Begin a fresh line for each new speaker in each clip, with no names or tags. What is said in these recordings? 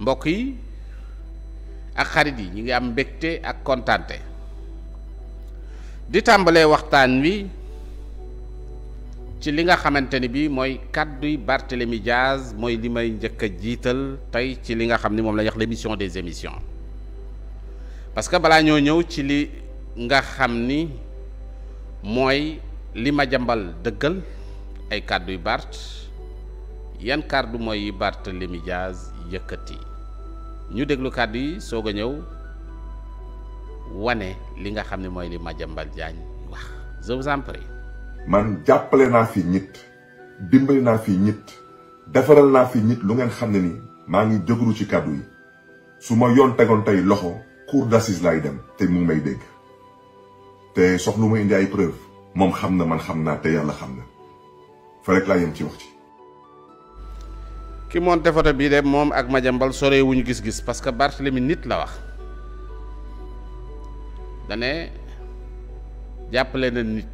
mbokk yi ak xarit yi ñu ngi am mbégte ak kontaante di tàmbalee waxtaan wi ci li nga xamante ni bii mooy kàdduy Barthélemy Diaz mooy li may njëkk a jiital tey ci li nga xam ni moom la ñuy wax des émissions parce que balaa ñoo ñëw ci li nga xam ni mooy li ma jambal dëggal ay kàdduy Barth yan kàddu mooy Barthélemy Diaz yëkkati ñu déglu kàddu yi soog a ñëw wane li nga xam ne mooy ni Madiambal Diagne wax je en prie.
man jàppale naa fi ñit dimbali naa fi ñit defaral naa fi ñit lu ngeen xam ne ni maa ngi jógaru ci kàddu yi su ma yoon tegoon tey loxo cour d'assises laay dem te mu ngi may dégg te soxlu ma indi ay preuve moom xam na man xam naa te yàlla xam na fa rek laa yem ci wax ci
ki monté photo bii de moom ak majambal sore wuñu gis-gis parce que Barthélemy nit la wax dane jàppale na nit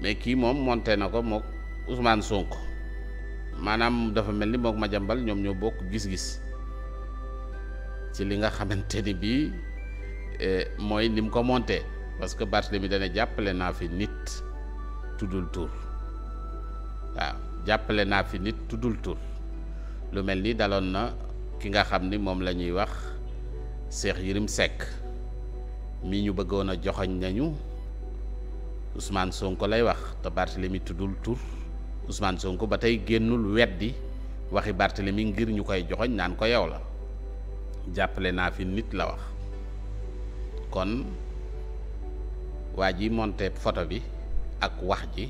mais kii moom monte na ko mook Ousmane Sonko maanaam dafa mel ni mook majambal ñoom ñoo bokk gis-gis ci li nga xamante ni bii eh, mooy ni mu ko monte parce que Barthélemy dane jàppale naa fi nit tuddul tur waaw jàppale naa fi nit tuddul tur lu mel ni daloon na ki nga xam ni moom lañuy wax Cheikh Yérim Seck mi ñu bëggoon a joxoñ nañu Ousmane Sonko lay wax te Barthélemy tuddul tur Ousmane Sonko ba tey génnul weddi waxi Barthélemy ngir ñu koy joxoñ naan ko yow la jàppale naa fi nit la wax kon waa ji monté photo bi ak wax ji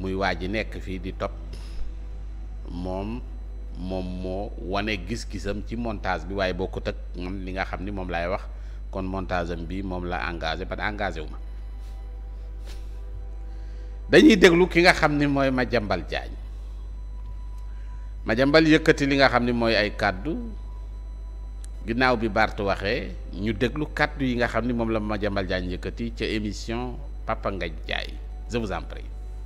muy waa ji nekk fii di topp moom moom moo wane gis-gisam ci montage bi waaye bokkut ak man li nga xam ni moom laay wax kon montage am bi moom la engagé ba engagé wu ma dañuy déglu ki nga xam ni mooy Madiambal Diagne Madiambal yëkkati li nga xam ni mooy ay kàddu ginnaaw bi Barth waxee ñu déglu kàddu yi nga xam ni moom la ma jambal Diagne yëkkati ca émission Papa Ngagne Ndiaye je vous en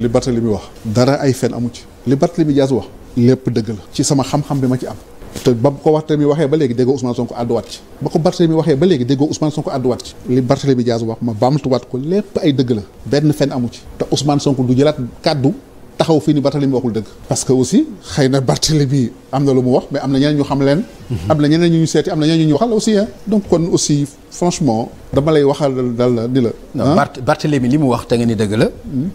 li Barthélémy wax dara ay fen amu ci li Barthélémy Dias wax lépp dëgg la ci sama xam-xam bi ma ci am te ba ko Barthélémy waxee ba léegi déggoo Ousmane Sonko àdduwaat ci ba ko Barthélémy waxee ba léegi déggoo Ousmane Sonko àdduwaat ci li Barthélémy Dias wax ma baamtuwaat ko lépp ay dëgg la benn fen amu ci te Ousmane Sonko du jëlaat kàddu taxaw fii ni Barthélémy waxul dëgg parce que aussi xëy na Barthélémy am na lu mu wax mais am na ñeneen ñu xam leen mhm. am na ñeneen ñu ñu na ñeneen ñu ñu waxal aussi ah donc kon aussi franchement dama lay waxal dal la ni la Barthélémy li mu wax te nga ni dëgg la hmm.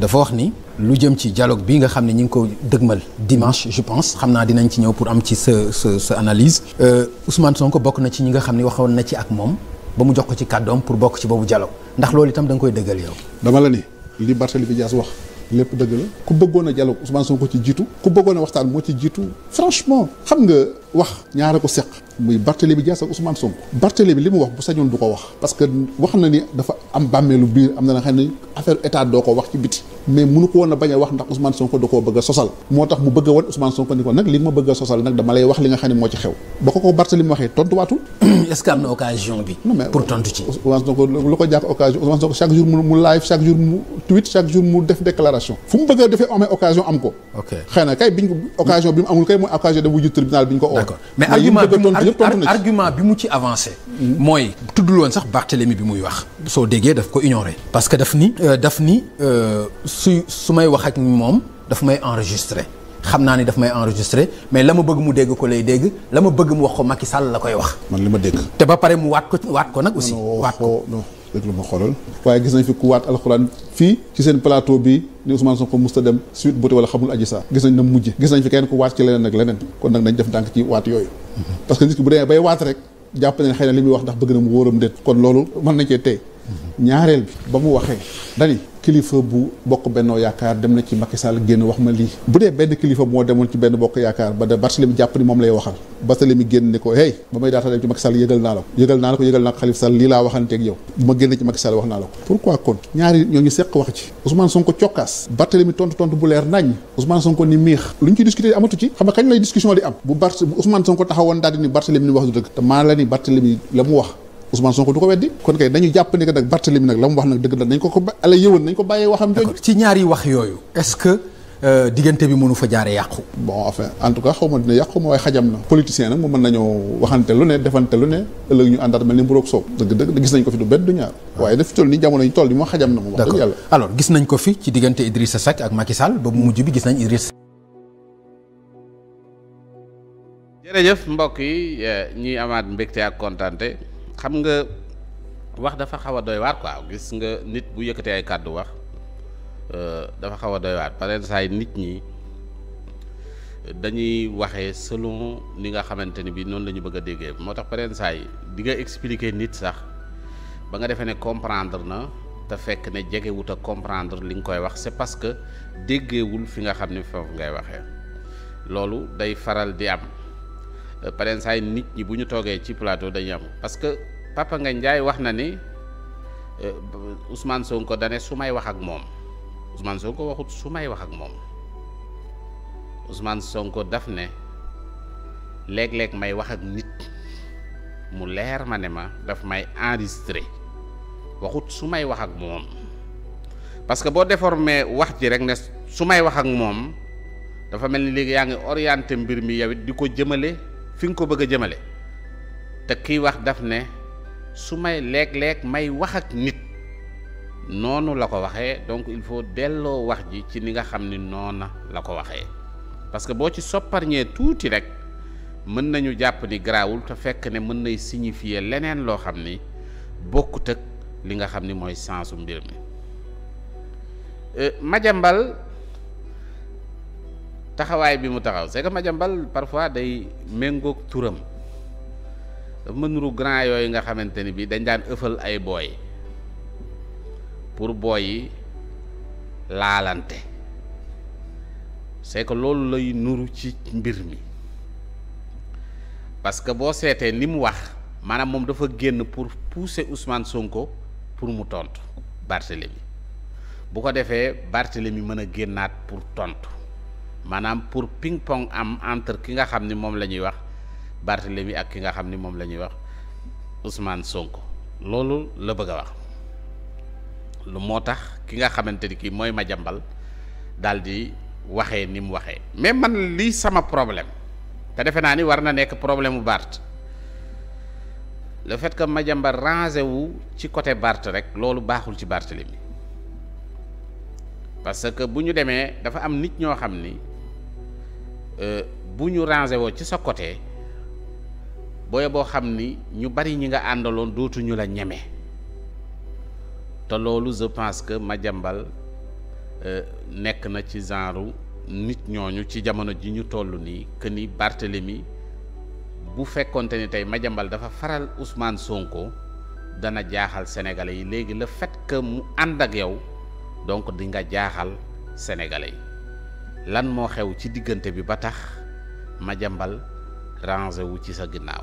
dafa wax ni lu jëm ci dialogue bi nga xam ne ñu ngi ko dëgmal dimanche je pense xam naa dinañ ci ñëw pour am ci sa sa analyse analyse euh, Ousmane Sonko bokk na ci ñi nga xam ne waxoon na ci ak moom ba mu jox ko ci kàddoom pour bokk ci boobu dialogue ndax loolu itam da nga koy dëggal yow. dama la ni li Barthélémy Dias wax. lépp dëgg la ku bëggoon a dialogue Ousmane Sonko ci jiitu ku bëggoon a waxtaan moo ci jiitu franchement xam nga wax ñaara ko seq muy Barthélémy Dias ak Ousmane Sonko Barthélémy li mu wax bu sañoon du ko wax parce que wax na ni dafa am bàmmeelu biir am na nga xam ne affaire état doo ko wax ci biti mais mënu ko woon a bañ a wax ndax Ousmane Sonko da koo bëgg sosal moo tax mu bëgg a wan Ousmane Sonko ni ko nag li nga ma bëgg a sosal nag dama lay wax li nga xam ne moo ci xew est-ce que am na occasion bi. pour tontu ci. Ousmane Sonko lu ko jàpp occasion Ousmane Sonko chaque jour mu live chaque jour mu tweet chaque jour mu def déclaration. fu mu bëgg a defee amee occasion am ko. ok kay biñ occasion bi mu amul kay mooy occasion de wuyu tribunal bi ñu ko oo. mais argument bi mu ci avancé. mooy tuddul woon sax Barthélemy bi muy wax. soo déggee daf ko ignoré. parce que daf ni euh, daf ni euh, su su may wax ak moom daf may enregistré. xam naa ni daf may enregistré mais la ma bëgg mu dégg ko lay dégg la ma bëgg mu wax ko Macky Sall la koy wax. man li ma dégg. te ba pare mu waat ko waat ko nag. aussi waat ko ma xoolal. waaye gis nañ fi ku waat alxuraan fii ci seen plateau bi ni Ousmane Sonko musta dem suite boote wala xamul aji saa. gis nañ na mujj gis nañ fi kenn ku waat ci leneen ak leneen kon nag nañ def ndànk ci waat yooyu. Mhm. parce que nit ki bu demee bay waat rek jàpp nañ xëy na li muy wa ndax bëgg na mu wóoram déet kon loolu mën nañ cee tey mhm. ñaareel bi ba mu waxee dani kilifa bu bokk bennoo yaakaar dem na ci Macky génn wax ma lii bu dee benn kilifa moo demoon ci benn bokk yaakaar ba de Barthélemy jàpp ni moom lay waxal Barthélemy génn ni ko hey ba may daata dem ci Macky Sall naa la ko yëgal naa la ko yëgal naa ko Khalifa Sall lii laa waxanteeg yow bu ma génn ci Macky wax naa la ko pourquoi kon ñaari ñoo ñu seq wax ci Ousmane Sonko cokkaas Barthélemy tontu tontu bu leer nañ Ousmane Sonko ni miix lu Ousmane Sonko du ko weddi kon kay dañu jàpp ni que nag Barthélemy nag la wax nag dëgg la nañ ko ko ala yëwan nañ ko bàyyee waxam jooju ci ñaari wax yooyu est que euh, diggante bi mënu fa jaare yàqu bon enfin en tout cas xaw ma dina yàqu ma waaye xajam na politicien nag moom mën nañoo waxante lu ne defante lu ne ëllëg ñu àndaat mel ni mburoog soow dëgg dëgg gis nañ ko fi du benn du ñaar ah. waaye daf fi toll nii jamono ñu toll nii moo xajam na moom wax dëgg yàlla alors gis ko fi ci diggante Idrissa Seck ak Macky Sall ba mu mujj bi
mbokk yi eh, ñuy amaat mbégte ak kontaante xam nga wax dafa xaw a doy waar quoi gis nga nit bu yëkkatee ay kàddu wax euh, dafa xaw a doy waar pare saa yi nit ñi dañuy waxee selon ni nga xamante ni bi noonu la ñu bëgg a déggee moo tax pare saa yi di nga expliquer nit sax ba nga defee ne comprendre na te fekk ne jegewut a comprendre li nga koy wax c'est parce que déggeewul fi nga xam ne foofu ngay waxee loolu day faral di am. pareen saay nit ñi bu ñu toogee ci plateau dañuy am parce que Papa nga njaay wax na ni euh, Ousmane Sonko dane su may wax ak moom Ousmane Sonko waxut su may wax ak moom Ousmane Sonko daf ne léeg-léeg may wax ak nit mu leer ma ne ma daf may enregistré waxut su may wax ak moom parce que boo déformé wax ji rek ne su may wax ak moom dafa mel ni léegi yaa ngi orienté mbir mi yow di ko jëmale fi nga ko bëgg a jëmale te kiy wax daf ne su may léeg-léeg may wax ak nit noonu la ko waxee donc il faut delloo wax ji ci li nga xam ni noona la ko waxee parce que boo ci sopparñee tuuti rek mën nañu jàpp ni garaawul te fekk ne mën nay signifier leneen loo xam ni bokkut ak li nga xam ni mooy sensu mbir mi euh, Madiambal taxawaay bi mu taxaw c'est que Madiambal parfois day méngoog turam dafa ma nuru grand yooyu nga xamante ni bi dañ daan ëffal ay booy pour booy yi laalante c'est que loolu lay nuru ci mbir mi parce que boo seetee li mu wax maanaam moom dafa génn pour pousser Ousmane ko pour mu tontu Barthélemy bu ko defee Barthélemy mën a génnaat pour tontu. maanaam pour ping pong am entre ki nga xam ni moom la ñuy wax Barthélemy ak ki nga xam ni moom la ñuy wax Ousmane Sonko loolu la bëgg a wax lu moo tax ki nga xamante ni kii mooy Madiambal daal di waxee ni mu waxee mais man lii sama problème te defe naa ni war na nekk problème mu Barth le fait que Madiambal rangé wu ci côté Barth rek loolu baaxul ci Barthélemy parce que bu ñu demee dafa am nit ñoo xam ni. Euh, bu ñu rangé woo ci sa côté booy boo xam ni ñu bari ñi nga àndaloon dootuñu la ñeme te loolu je pense que Madiambal euh, nekk na ci genre nit ñooñu ci jamono ji ñu toll nii que ni Barthélemy bu fekkonte ni tey Madiambal dafa faral Ousmane Sonko dana jaaxal Sénégalais yi léegi la fait que mu ànd ak yow donc di nga jaaxal Sénégalais yi. lan moo xew ci diggante bi ba tax majambal jàmbal wu ci sa ginnaaw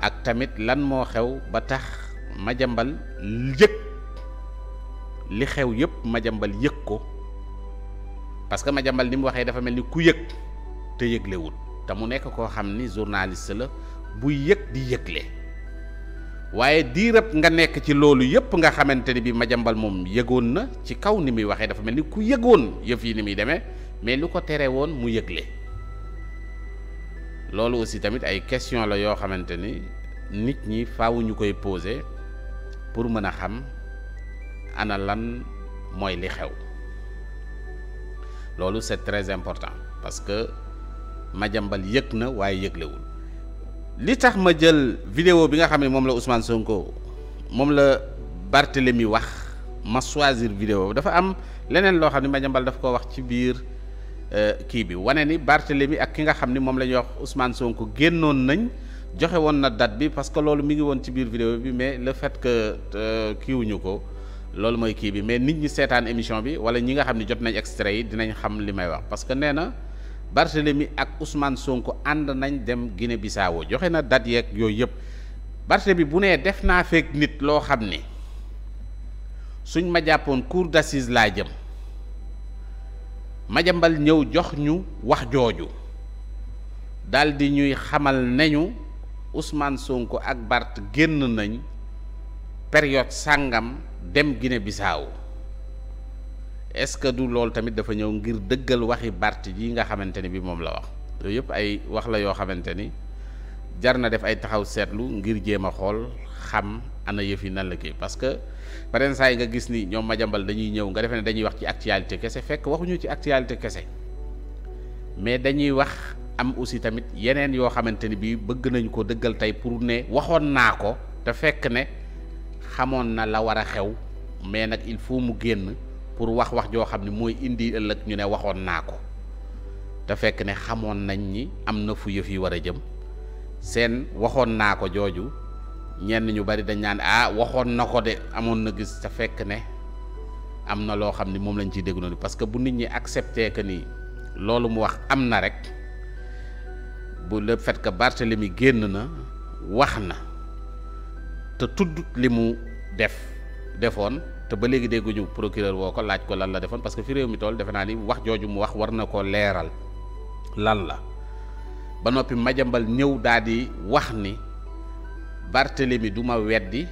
ak tamit lan moo xew ba tax majambal jàmbal yëg li xew yëpp majambal jàmbal yëg ko parce que ma jàmbal ni mu waxee dafa mel ni ku yëg te yëglewul te mu nekk koo xam ni journaliste la buy yëg di yëgle waaye diirab nga nekk ci loolu yëpp nga xamante ni bi Madiambal moom yëgoon na ci kaw ni muy waxee dafa mel ni ku yëgoon yëf yi ni muy demee mais lu ko tere woon mu yëgle loolu aussi tamit ay question la yoo xamante ni nit ñi faaw ñu koy poser pour mën a xam ana lan mooy li xew loolu c'est très important parce que Madiambal yëg na waaye yëglewul li tax ma jël vidéo bi nga xam ne moom la Ousmane Sonko moom la Barthélemy wax ma choisir vidéo dafa am leneen loo xam ne Madiambal daf ko wax ci biir euh, kii bi wane ni Barthélemy ak ki nga xam ni moom la ñuy wax Ousmane Sonko génnoon nañ joxe woon na date bi parce que loolu mi ngi woon ci biir vidéo bi mais le fait que euh, kiiwuñu ko loolu mooy kii bi mais nit ñi seetaan émission bi wala ñi nga xam ne jot nañ extrait yi dinañ xam li may wax parce que nee na mi ak Ousmane Sonko ànd nañ dem Guinée Bissau joxe na date yeeg yooyu yëpp bi bu nee def naa feek nit loo xam ne suñ ma jàppoon cour d'assises laa jëm Madiambal ñëw jox ñu wax jooju daldi ñuy xamal nañu Ousmane Sonko ak bart génn nañ période sàngam dem Guinée Bissau est-ce que du loolu tamit dafa ñëw ngir dëggal waxi barte yi nga xamante ni bi moom la wax yooyu yëpp ay wax la yoo xamante ni jar na def ay taxaw seetlu ngir jéem a xool xam ana yëf yi nan la kii parce que beneen saa yi nga gis ni ñoom Madiambal dañuy ñëw nga defee ne dañuy wax ci actualité kese fekk waxuñu ci actualité kese mais dañuy wax am aussi tamit yeneen yoo xamante ni bii bëgg nañ ko dëggal tey pour ne waxoon naa ko te fekk ne xamoon na la war a xew mais nag il faut mu génn. pour wax wax joo xam ne mooy indi ëllëg ñu ne waxoon naa ko te fekk ne xamoon nañ ni am na fu yëf yi war a jëm seen waxoon naa ko jooju ñenn ñu bari dañ naan ah waxoon na ko de amoon na gis te fekk ne am na loo xam ni moom lañ ciy déglu ni parce que bu nit ñi accepté que nii loolu mu wax am na rek bu le fait que Barthélemy génn na wax na te tudd li mu def defoon te ba léegi dégguñu procureur woo ko laaj ko lan la defoon parce que fi réew mi tool defe naa ni wax jooju mu wax war na koo leeral lan la ba noppi majambal ñëw daal di wax ni Barthélemy du ma weddi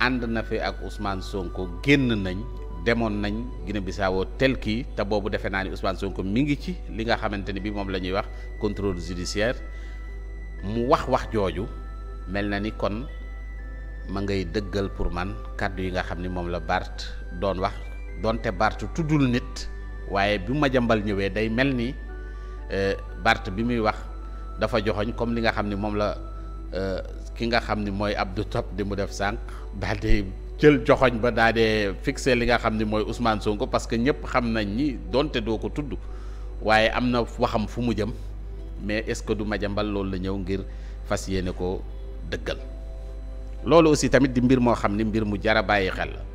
ànd na fi ak Ousmane Sonko génn nañ demoon nañ Guinée Bissau tel kii te boobu defe naa ni Ousmane Sonko mi ngi ci li nga xamante ni bi moom la ñuy wax contrôle judiciaire mu wax wax jooju mel na ni kon ma ngay dëggal pour man kàddu yi nga xam ni moom la Barth doon wax doonte Barth tuddul nit waaye bu Madiambal ñëwee day mel ni euh, Barth bi muy wax dafa joxoñ comme li nga xam ni moom la euh, ki nga xam ni mooy Abdou Top di mu def sànq daal jël joxoñ ba daa dee li nga xam ni mooy Ousmane Sonko parce que ñëpp xam nañ ni doonte doo ko tudd waaye am na waxam fu mu jëm mais est-ce que du Madiambal loolu la ñëw ngir fas yéene ko dëggal loolu aussi tamit di mbir moo xam ni mbir mu jara bàyyi xel la